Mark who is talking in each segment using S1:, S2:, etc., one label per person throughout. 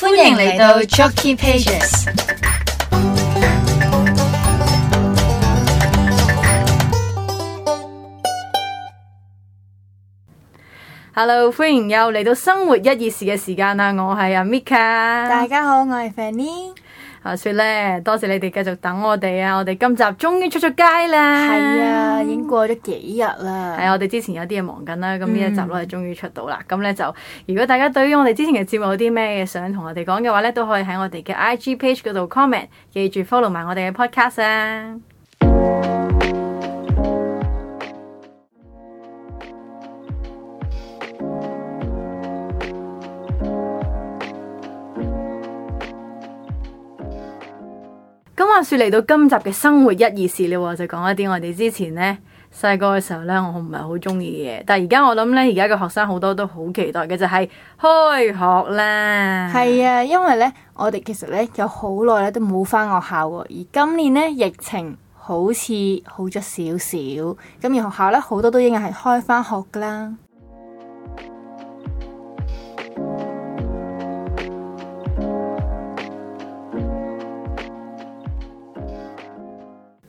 S1: 歡迎嚟到 Jockey Pages。Hello，歡迎又嚟到生活一二時嘅時間喇。我係阿 Mika。大家好，我係 Fanny。話說咧，多謝你哋繼續等我哋啊！我哋今集終於出咗街啦！係啊，已經過咗幾日啦。係啊、哎，我哋之前有啲嘢忙緊啦，咁呢一集咧，終於出到啦。咁咧、嗯嗯、就，如果大家對於我哋之前嘅節目有啲咩嘢想同我哋講嘅話咧，都可以喺我哋嘅 IG page 嗰度 comment，記住 follow 埋我哋嘅 podcast 啊！說嚟到今集嘅生活一二事咧，了就講一啲我哋之前呢細個嘅時候呢，我唔係好中意嘅嘢。但係而家我諗呢，而家嘅學生好多都好期待嘅就係、是、開學啦。係
S2: 啊，因為呢，我哋其實呢，有好耐，咧都冇翻學校，而今年呢，疫情好似好咗少少，咁而學校呢，好多都已經係開翻學噶啦。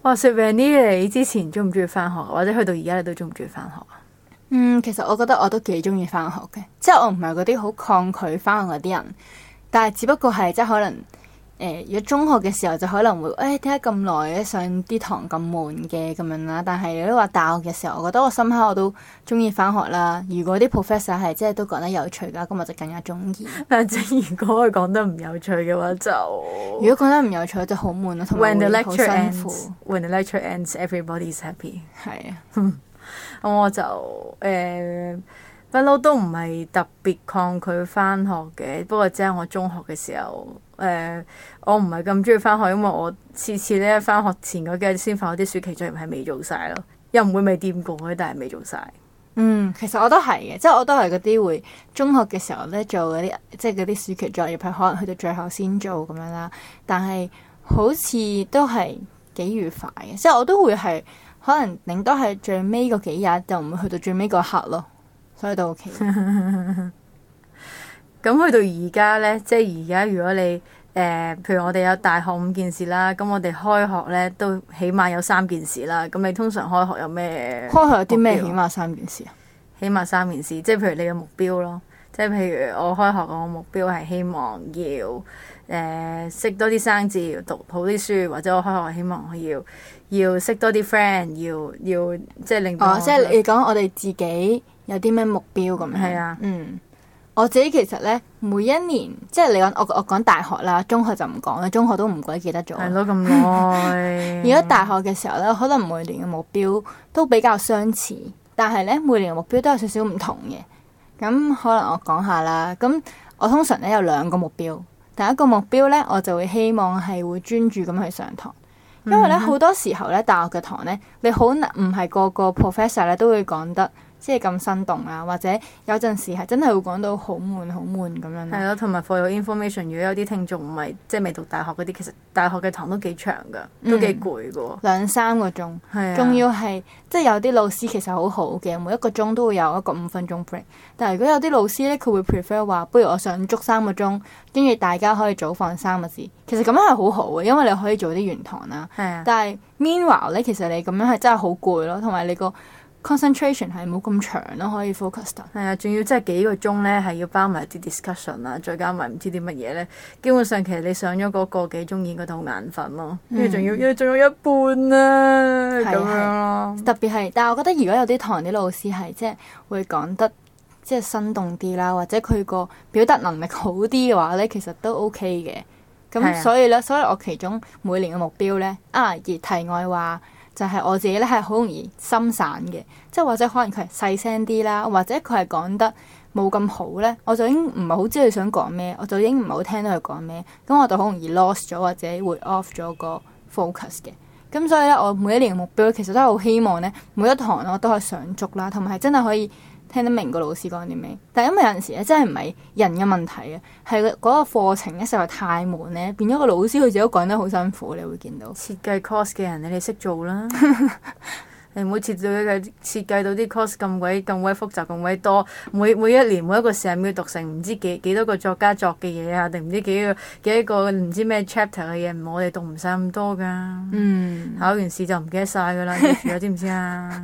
S1: 話説 Vanny 你之前中唔中意返學？或者去到而家，你都中唔中意返學啊？
S2: 嗯，其
S1: 實我覺得我都幾中
S2: 意返學嘅，即係我唔係嗰啲好抗拒返學嗰啲人，但係只不過係即係可能。如果中學嘅時候就可能會，誒，點解咁耐嘅上啲堂咁悶嘅咁樣啦？但係如果話大學嘅時候，我覺得我深刻，我都中意返學啦。如果啲 professor 係即係都講得有趣嘅話，咁我就更加中意。
S1: 但係，如果佢講得唔有趣嘅話，就
S2: 如果講得唔有趣，就好悶啊，同埋好辛苦。When the lecture ends,
S1: when the lecture ends, everybody is happy 的。係啊，咁我就誒。Uh, 不嬲都唔係特別抗拒返學嘅，不過即係我中學嘅時候，誒、呃、我唔係咁中意返學，因為我次次咧返學前嗰幾日先發我啲暑期作業係未做晒咯，又唔會未掂過，但係未做晒。嗯，其實我都係嘅，即、就、係、是、我都係嗰啲會中學嘅時候咧做嗰啲，即係嗰啲暑期作業
S2: 係可能去到最後先做咁樣啦。但係好似都係幾愉快嘅，即係我都會係可能頂多係最尾嗰幾日就唔會去到最尾嗰刻
S1: 咯。去 到其，咁去到而家呢，即係而家。如果你誒、呃，譬如我哋有大學五件事啦，咁我哋開學呢都起碼有三件事啦。咁你通常開學有咩？開學有啲咩？起碼三件事啊！起碼三件事，即係譬如你嘅目標咯。即係譬如我開學，我目標係希望要誒、呃、識多啲生字，讀，讀好啲書，或者我開學希望我要要識多啲 friend，要要即係令。即係、哦、你講我哋自己。
S2: 有啲咩目標咁？是啊、嗯，我自己其實咧，每一年即係你講我我講大學啦，中學就唔講啦，中學都唔鬼記得咗係咯咁耐。如果大學嘅時候咧，可能每年嘅目標都比較相似，但係咧每年嘅目標都有少少唔同嘅。咁可能我講下啦。咁我通常咧有兩個目標，第一個目標咧，我就會希望係會專注咁去上堂，因為咧好、嗯、多時候咧，大學嘅堂咧，你好難唔係個個 professor 咧都會講得。即係咁
S1: 生動啊，或者有陣時係真係會講到好悶好悶咁樣。係咯、嗯，同埋 for your information，如果有啲聽眾唔係即係未讀大學嗰啲，其實大學嘅堂都幾長噶，都幾攰嘅。
S2: 兩三個鐘，仲、啊、要係即係有啲老師其實好好嘅，每一個鐘都會有一個五分鐘 break。但係如果有啲老師咧，佢會 prefer 話，不如我想足三個鐘，跟住大家可以早放三個字。其實咁樣係好好嘅，因為你可以做啲完堂啦、啊。啊、但係 meanwhile 咧，其實你咁樣係真係好攰咯，同埋你個。Concentration 係冇咁長咯，
S1: 可以 focus 得。係啊，仲要即係幾個鐘咧，係要包埋啲 discussion 啦，再加埋唔知啲乜嘢咧。基本上其實你上咗嗰個幾鐘已嗰度眼瞓咯。跟住仲要，因為仲有一半咧、啊、咁是樣咯。
S2: 特別係，但係我覺得如果有啲堂啲老師係即係會講得即係、就是、生動啲啦，或者佢個表達能力好啲嘅話咧，其實都 OK 嘅。咁、啊、所以咧，所以我其中每年嘅目標咧，啊，而題外話。就係我自己咧，係好容易心散嘅，即係或者可能佢係細聲啲啦，或者佢係講得冇咁好咧，我就已經唔係好知佢想講咩，我就已經唔係好聽到佢講咩，咁我就好容易 lost 咗或者會 off 咗個 focus 嘅，咁所以咧，我每一年嘅目標其實都係好希望咧，每一堂我都係上足啦，同埋真係可以。聽得明個，個老師講啲咩？但係因為有陣時咧，真係唔係人嘅問題啊，係嗰個課程咧實在太悶，咧變咗個老師佢自己都講得好辛苦。你會見到設計 course 嘅人，
S1: 你哋識做啦。 你唔好設計啲計，設計到啲 course 咁鬼咁鬼複雜，咁鬼多，每每一年每一個學生要讀成唔知幾幾多個作家作嘅嘢啊，定唔知幾個幾多個唔知咩 chapter 嘅嘢，我哋讀唔晒咁多噶。嗯， 考完試就唔記得晒噶啦，記住啊，知唔知啊？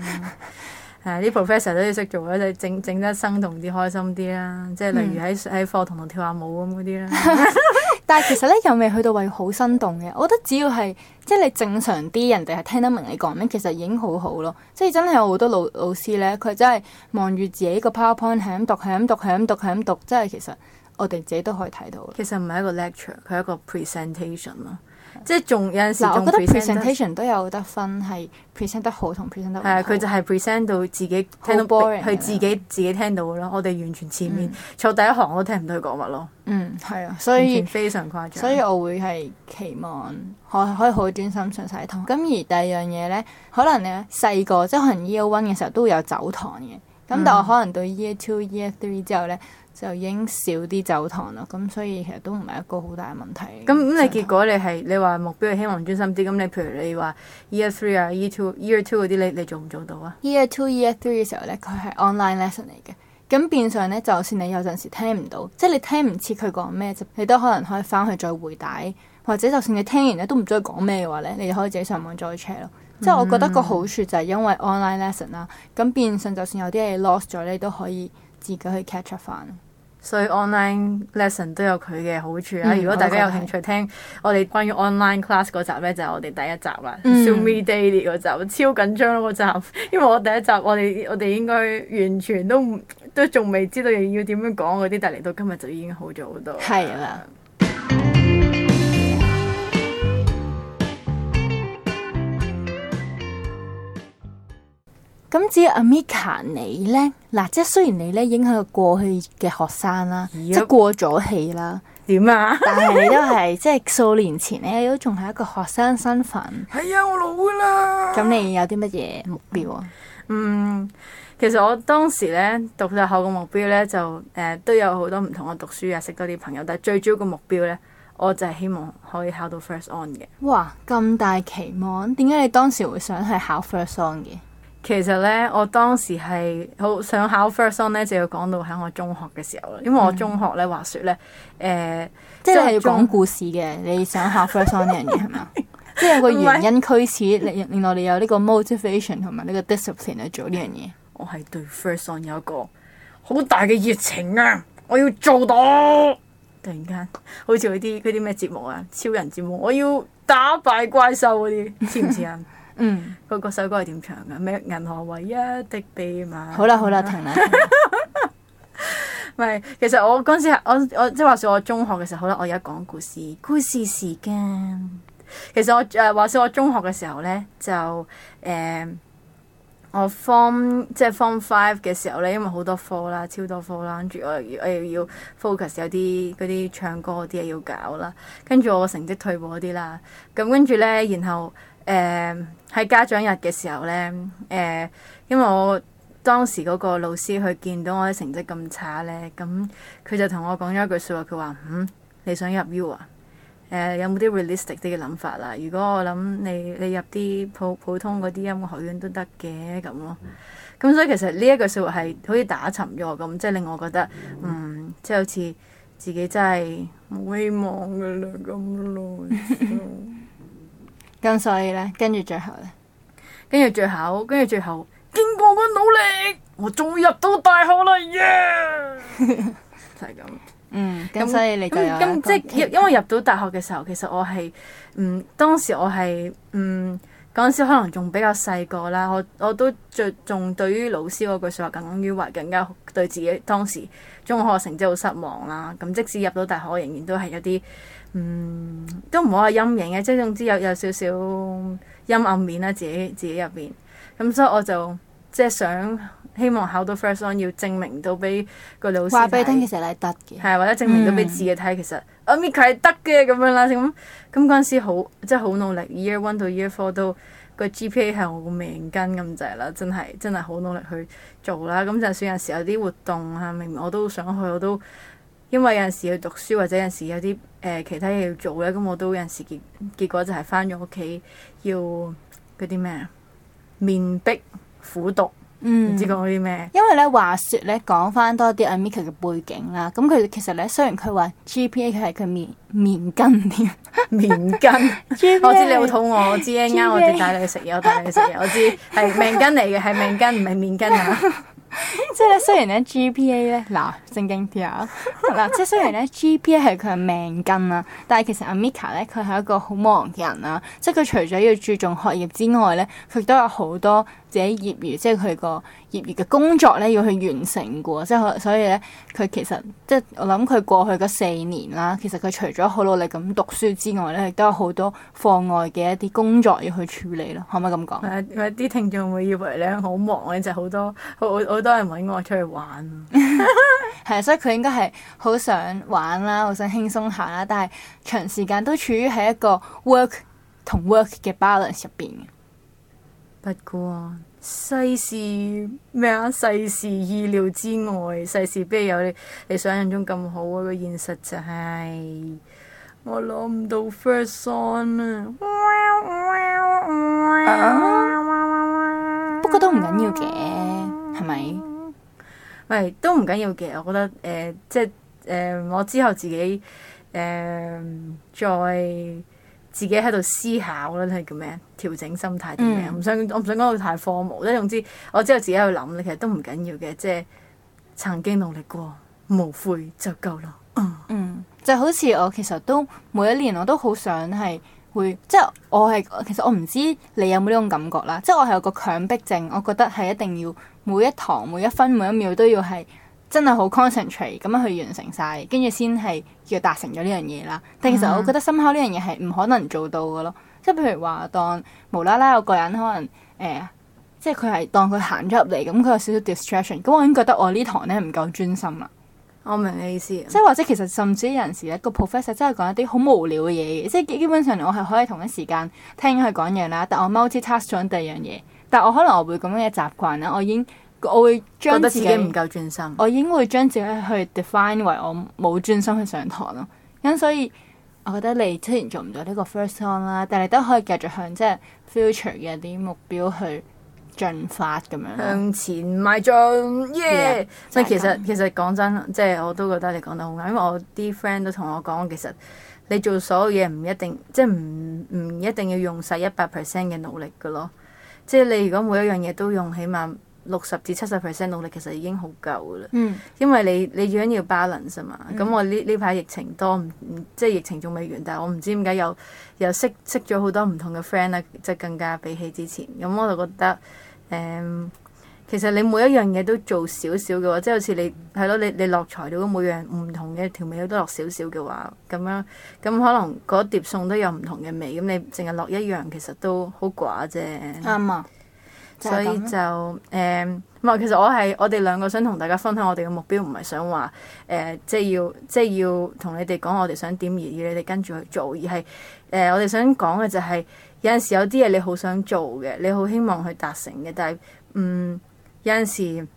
S1: 誒啲 professor 都要識做咧，即係整整得生動啲、開心啲啦，即係例如喺喺、嗯、課堂度跳下舞咁嗰啲啦。
S2: 但係其實咧又未去到位好生動嘅，我覺得只要係即係你正常啲，人哋係聽得明你講咩，其實已經好好咯。即係真係有好多老老師咧，佢真係望住自己個 PowerPoint 係咁讀係咁讀係咁讀係咁讀，讀，讀，讀，讀，即係其實我哋自己都可以睇到。其實
S1: 唔係一個 lecture，佢係一個 presentation 咯。即係仲有陣時，我覺得 presentation
S2: 得都有得分，係 present 得好同 present 得唔好。係啊，佢就係
S1: present 到自己聽到 boring 自己吧自己聽到嘅咯。我哋完全前面、嗯、坐第一行，我都聽唔到佢講乜咯。嗯，係啊，所以非常誇張。所以我會係期望
S2: 可可以好專心上晒堂。咁而第二樣嘢咧，可能咧細個即係可能 year one 嘅時候都會有走堂嘅。咁、嗯、但我可能到 year two year、year three 之後咧。就已經少啲走堂啦，咁所以其實都唔
S1: 係一個好大嘅問題。咁咁你結果你係堂你話目標係希望專心啲，咁你譬如你話 year three 啊，year two year two 嗰啲，你你做唔做到啊
S2: ？year two year three 嘅時候咧，佢係 online lesson 嚟嘅，咁變相咧，就算你有陣時聽唔到，即係你聽唔切佢講咩，你都可能可以翻去再回帶，或者就算你聽完咧都唔知佢講咩嘅話咧，你就可以自己上網再 check 咯。嗯、即係我覺得個好處就係因為 online lesson 啦，咁變相就算有啲嘢 lost 咗
S1: 你都可以自己去 catch 翻。所以 online lesson 都有佢嘅好處啊！嗯、如果大家有興趣、嗯、聽我哋關於 online class 嗰集咧，就係、是、我哋第一集啦。Show、嗯、me daily 嗰集超緊張咯，嗰集因為我第一集我哋我哋應該完全都都仲未知道要點樣講嗰啲，但嚟到今日就已經好咗好多。係啦。
S2: 咁至於 Amica 你呢？嗱，即係雖然你呢影響個過去嘅學生啦，Yeah. 即係過咗氣啦，點啊？
S1: 但係你都係
S2: 即係數年前呢，都仲係一個學生身份。
S1: 係啊、yeah,，我老啦。咁你有啲乜嘢
S2: 目標啊？嗯，
S1: 其實我當時呢，讀大學嘅目標呢，就誒、呃、都有好多唔同嘅讀書啊，識多啲朋友。但係最主要嘅目標呢，我就係希望可以考到 First On 嘅。
S2: 哇，咁大期望，點解
S1: 你當時會想去考 First On 嘅？其實咧，我當時係好想考 first on 咧，就要講到喺我中學嘅時候啦。因為我中學咧話說咧，誒、嗯，呃、即係要講故事嘅。中你想考 first on 呢樣嘢係咪？即係個原因驅使
S2: 是，令令我哋有呢個 motivation 同埋呢個 discipline 去做呢樣嘢。 我係對 first on 有
S1: 一個好大嘅熱情啊！我要做到。突然間，好似嗰啲啲咩節目啊，超人節目，我要打敗怪獸嗰啲，知唔知啊？ 嗯，個首歌係點唱噶？咩銀行唯一的密碼？好啦好啦，停啦。唔係， 其實我嗰陣時，我我即係話說，我中學嘅時候，好啦，我而家講故事，故事時間。其實我誒、呃、話說，我中學嘅時候咧，就誒、呃、我 form 即係 form five 嘅時候咧，因為好多科啦，超多科啦，跟住我我又要 focus 有啲嗰啲唱歌嗰啲嘢要搞啦，跟住我成績退步嗰啲啦，咁跟住咧，然後。然後然後然後然後誒喺、uh, 家長日嘅時候呢，誒、uh, 因為我當時嗰個老師佢見到我啲成績咁差呢，咁佢就同我講咗一句説話，佢話：嗯，你想入 U 啊？Uh, 有冇啲 realistic 啲嘅諗法啦？如果我諗你你入啲普普通嗰啲音樂學院都得嘅咁咯。咁、哦 mm. 所以其實呢一句説話係好似打沉咗我咁，即、就、係、是、令我覺得，mm. 嗯，即、就、係、是、好似自己真係冇希望嘅啦咁耐。 咁所以咧，跟住最後咧，跟住最後，跟住最後，經過我努力，我仲入到大學啦，yeah! 就係咁。嗯，咁所以你咁咁即係因為入到大學嘅時候，其實我係嗯，當時我係嗯。嗰陣時可能仲比較細個啦，我我都着重對於老師嗰句説話，耿耿於懷，更加對自己當時中學成績好失望啦。咁即使入到大學，我仍然都係有啲，嗯，都唔好話陰影嘅，即係總之有有少少陰暗面啦，自己自己入面。咁所以我就即係想。希望考到 first one 要證明到俾個老師，話俾啲同學睇，其實你係得嘅。係或者證明到俾自己睇，嗯、其實 Amica 係得嘅咁樣啦。咁咁嗰陣時好，即係好努力，year one 到 year four 都個 GPA 係我個命根咁滯啦。真係真係好努力去做啦。咁、嗯、就算有陣時有啲活動啊，明明我都想去，我都因為有陣時去讀書或者有陣時有啲誒、呃、其他嘢要做咧，咁、嗯、我都有陣時結結果就係翻咗屋企要嗰啲咩面壁苦讀。嗯、唔知講啲咩？因為咧，話
S2: 說咧，講翻多啲 Amika 嘅背景啦。咁佢其實咧，雖然佢話 GPA 佢係佢麵麵筋添，麵筋。我知你好肚餓，我
S1: 知啱啱我哋帶你去食嘢，我帶你去食嘢。我知係命根嚟嘅，係命根，唔係麵筋啊。 即係
S2: 咧，雖然咧 GPA 咧，嗱正經啲啊，嗱，即係雖然咧 GPA 係佢嘅命根啊，但係其實 Amika 咧，佢係一個好忙嘅人啊。即係佢除咗要注重學業之外咧，佢都有好多。自己業餘，即係佢個業餘嘅工作咧，要去完成嘅。即係所以咧，佢其實即係我諗佢過去嗰四年啦，其實佢除咗好努力咁讀書之外咧，亦都有好多課外嘅一啲工作要去處理咯。可唔可以咁講？誒，一啲聽眾會以為咧好忙，其實好多好好多人揾我出去玩。係啊， 所以佢應該係好想玩啦，好想輕鬆下啦，但係長時間都處於喺一個 work 同 work 嘅 balance 入邊。
S1: 不過。世事咩啊？世事意料之外，世事不如有你，你想象中咁好啊！個現實就係、是、我攞唔到 first son 啊！Uh uh, 不過都唔緊要嘅，係咪 吧？喂，都唔緊要嘅，我覺得誒、呃，即係誒、呃，我之後自己誒再、呃自己喺度思考咧，即係叫咩？調整心態啲咩？嗯，唔想我唔想講到太荒謬。即係總之，我知道自己喺度諗咧，其實都唔緊要嘅，即係曾經努力過，無悔就夠啦。啊。嗯，就好似我
S2: 其實都每一年我都好想係會，即係我係其實我唔知你有冇呢種感覺啦。即係我係有個強迫症，我覺得係一定要每一堂、每一分、每一秒都要係。真係好 concentrate 咁樣去完成晒，跟住先係要達成咗呢樣嘢啦。但其實我覺得深考呢樣嘢係唔可能做到嘅咯。即係譬如話，當無啦啦有個人可能誒、欸，即係佢係當佢行咗入嚟，咁佢有少少 distraction，咁我已經覺得我堂呢堂咧唔夠專心啦。我明你意思。即係或者其實甚至有陣時咧，個 professor 真係講一啲好無聊嘅嘢嘅，即係基本上我係可以同一時間聽佢講嘢啦，但我 multitask 咗第二樣嘢，但我可能我會咁樣嘅習慣啦，我已經。我會覺得自己唔夠專心，我應會將自己去 define 為我冇專心去上堂咯。咁所以我覺得你雖然做唔到呢個 first time 啦，但係都可以繼續向即係 future
S1: 嘅啲目標去進發，咁樣向前邁進，即係其實 其實講真，即係我都覺得你講得好啱，因為我啲 friend 都同我講，其實你做所有嘢唔一定即係唔唔一定要用晒一百 percent 嘅努力噶咯，即係你如果每一樣嘢都用起碼。六十至七十 percent 努力其實已經好夠嘅啦，嗯、因為你你想要 balance 啊嘛。咁、嗯、我呢呢排疫情多，唔唔、嗯、即係疫情仲未完，但係我唔知點解又又識識咗好多唔同嘅 friend 啦，即係更加比起之前，咁、嗯、我就覺得誒、嗯，其實你每一樣嘢都做少少嘅話，即係好似你係咯，你你落材料每樣唔同嘅調味都落少少嘅話，咁樣咁、嗯、可能嗰碟餸都有唔同嘅味，咁、嗯、你淨係落一樣其實都好寡啫。啱啊、嗯。嗯。所以就誒，唔係，其實我係我哋兩個想同大家分享我哋嘅目標，唔係想話誒，即係要即係要同你哋講我哋想點，而要你哋跟住去做，而係誒，我哋想講嘅就係有陣時有啲嘢你好想做嘅，你好希望去達成嘅，但係嗯，有陣時。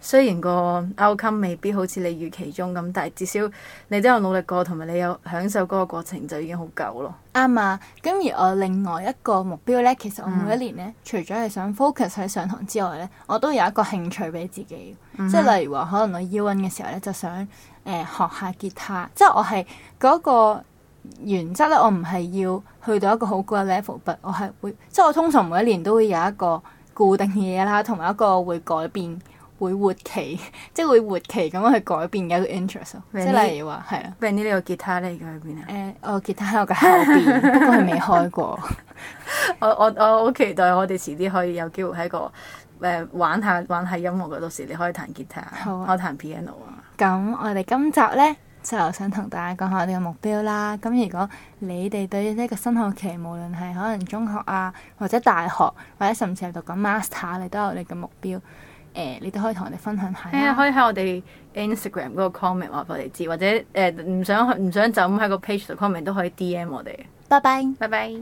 S1: 雖然個 outcome 未必好似你預期中咁，但係至少你都有努力過，同埋你有享受嗰個過程就已經好夠咯。
S2: 啱啊！咁而我另外一個目標咧，其實我每一年咧，嗯、除咗係想 focus 喺上堂之外咧，我都有一個興趣俾自己，即係、嗯、哼例如話可能我 U1 嘅時候咧，就想誒、呃、學下吉他。即係我係嗰個原則咧，我唔係要去到一個好高嘅 level，but 我係會即係我通常每一年都會有一個固定嘅嘢啦，同埋一個會改變。會活期，即係會活期咁去改變嘅一個 interest 咯、啊。即係例如話係啊 b a 呢個吉他你而家喺邊啊？誒、呃，我吉他喺我嘅後邊，都係未開過。
S1: 我我我好期待，我哋遲啲可以有機會喺個誒、呃、玩下玩下音樂嘅。到時你可以彈吉他，好啊，我彈 piano 啊。
S2: 咁我哋今集咧就想同大家講下我哋嘅目標啦。咁如果你哋對於呢個新學期，無論係可能中學啊，或者大學，或者甚至係讀緊 master，你都有你嘅目標。誒、欸，你都可以同我哋分享下、啊。係啊、欸，可
S1: 以喺我哋 Instagram 嗰個 comment 話畀我哋知，或者誒唔、欸、想唔想就咁喺個 page 度 comment 都可以 DM 我哋。拜拜，拜拜。